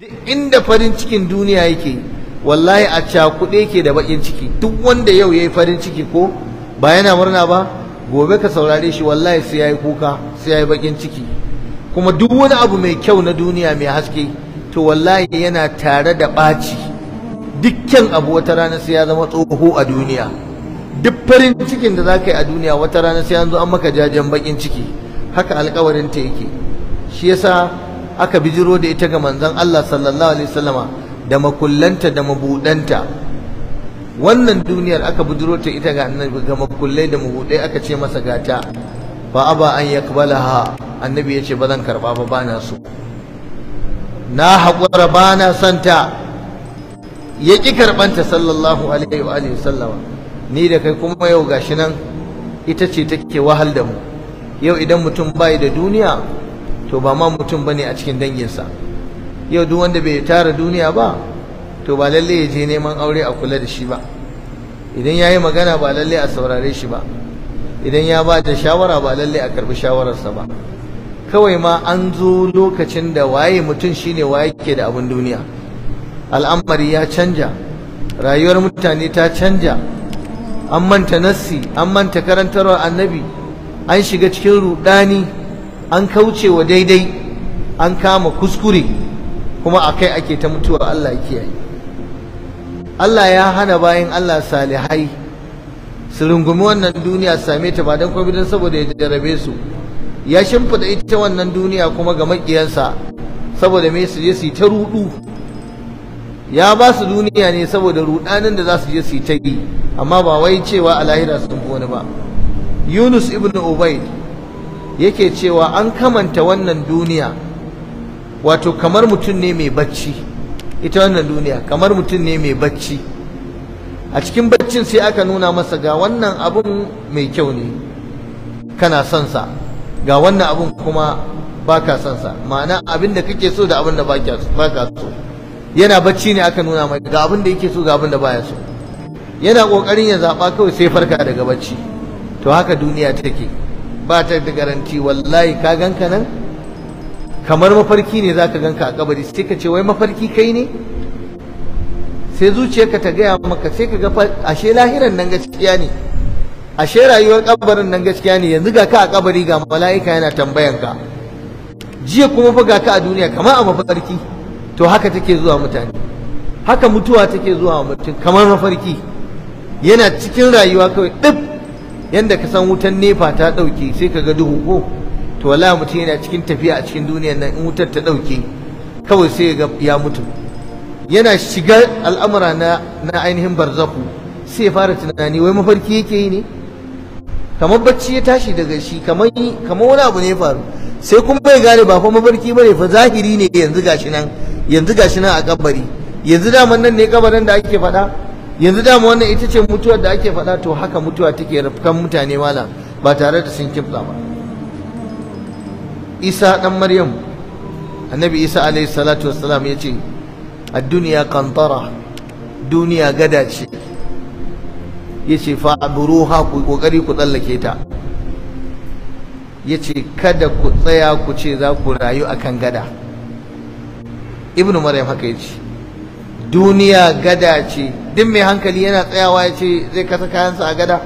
duk inda farin cikin duniya yake wallahi a cakuɗe ke da baƙin ciki duk wanda yau ya yi farin ciki ko ba yana murna ba gobe ka saurare shi wallahi sai ya yi kuka sai ya yi baƙin ciki kuma duk wani abu mai kyau na duniya mai haske to wallahi yana tare da ɓaci dukkan abu wata rana sai ya zama tsoho a duniya duk farin cikin da za ka yi a duniya wata rana sai an zo an maka jajen bakin ciki haka alƙawarin ta yake shi yasa aka bijiro da ita ga manzon Allah sallallahu alaihi wasallama da makullanta da mabudanta wannan duniyar aka bijiro ta ita ga annabi ga makullai da mabudai aka ce masa gata fa aba an yakbalaha annabi yace ba zan karba ba bana so na haƙura bana santa ya ƙi karɓanta sallallahu alaihi wa alihi sallama ni da kai kuma yau gashi nan ita ce take wahal da mu yau idan mutum bai da duniya to ba ma mutum bane a cikin danginsa yau duk wanda bai tara duniya ba to ba lalle ya je neman aure a kula da shi ba idan yayi magana ba lalle a saurare shi ba idan ya ba da shawara ba lalle a karbi shawararsa ba kawai ma an zo lokacin da waye mutum shine waye ke da abin duniya al'amari ya canja rayuwar mutane ta canja an manta nassi an manta karantarwar annabi an shiga cikin rudani an kauce wa daidai an kama kuskure kuma a kai ake ta mutuwa Allah kiyaye Allah ya hana bayan Allah salihai su rungumi wannan duniya same ta ba don kwamitin saboda ya jarabe su ya shimfida ita wannan duniya kuma ga maƙiyansa saboda me su je su ta rudu ya ba su duniya ne saboda rudanin da za su je su ta yi amma ba wai cewa a lahira sun ba yunus ibn ubaid yake cewa an kamanta wannan duniya wato kamar mutum ne mai bacci ita wannan duniya kamar mutum ne mai bacci a cikin baccin sai aka nuna masa ga wannan abun mai kyau ne kana son sa ga wannan abun kuma baka son sa ma'ana abin da kake so da abin da baka so yana bacci ne aka nuna mai ga abin da yake so ga abin da baya so yana kokarin ya zaba kawai sai farka daga bacci to haka duniya take ba ta da garanti wallahi ka ganka nan kamar mafarki ne zaka ganka a kabari sai ka ce wai mafarki kai ne sai zuciyarka ta gaya maka sai ka ga ashe lahiran nan gaskiya ne ashe rayuwar kabarin nan gaskiya ne yanzu ga ka a kabari ga mala'ika yana tambayan ka jiya kuma fa ga ka a duniya kamar a mafarki to haka take zuwa mutane haka mutuwa take zuwa mutum kamar mafarki yana cikin rayuwa kawai duk yanda ka san wutan nefa ta dauke sai ka ga duhu ko to wallahi mutum yana cikin tafiya a cikin duniyar nan in wutar ta dauke kawai sai ga ya mutu yana shiga al'amura na na ainihin barzaku sai ya fara tunani wai mafarki yake yi ne kamar bacci ya tashi daga shi kamar kamar wani abu ne ya faru sai kuma bai gane ba fa mafarki bane fa zahiri ne yanzu gashi nan yanzu gashi nan a kabari yanzu daman nan ne kabarin da ake faɗa yanzu dama wannan ita ce mutuwar da ake faɗa to haka mutuwa take rafkan mutane malam ba tare da sun kifla ba isa dan maryam annabi isa alaihi salatu wassalam ya ce ad-dunya qantara duniya gada ce Ya ce fa abruha ku kokari ku tsallake ta Ya ce kada ku tsaya ku ce za ku rayu akan gada ibnu maryam haka ya ce. duniya gada ce duk mai hankali yana tsayawa ya ce zai kasa kayansa a gada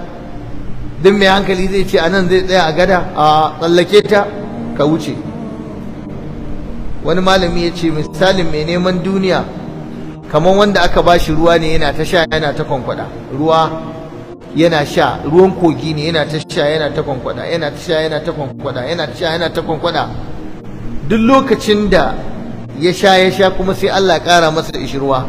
duk mai hankali zai ce anan zai tsaya a gada a tsallake ta ka wuce wani malami ya ce misalin mai neman duniya kamar wanda aka ba shi ruwa ne yana ta sha yana ta kwankwada ruwa yana sha ruwan kogi ne yana ta sha yana ta kwankwada yana ta sha yana ta kwankwada yana ta sha yana ta kwankwada duk lokacin da ya sha ya sha kuma sai Allah ƙara masa ishirwa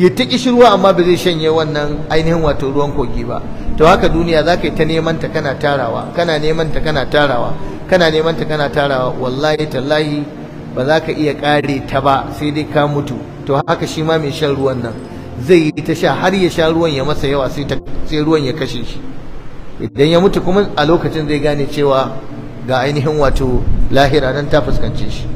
ya ta ishirwa amma ba zai shanye wannan ainihin wato ruwan kogi ba to haka duniya za ka yi ta neman ta kana tarawa kana neman ta kana tarawa kana neman ta kana tarawa wallahi tallahi ba za ka iya kare ta ba sai dai ka mutu to haka shi ma mai shan ruwan nan zai yi ta sha har ya sha ruwan ya masa yawa sai ruwan ya kashe shi idan ya mutu kuma a lokacin zai gane cewa ga ainihin wato lahira nan ta fuskance shi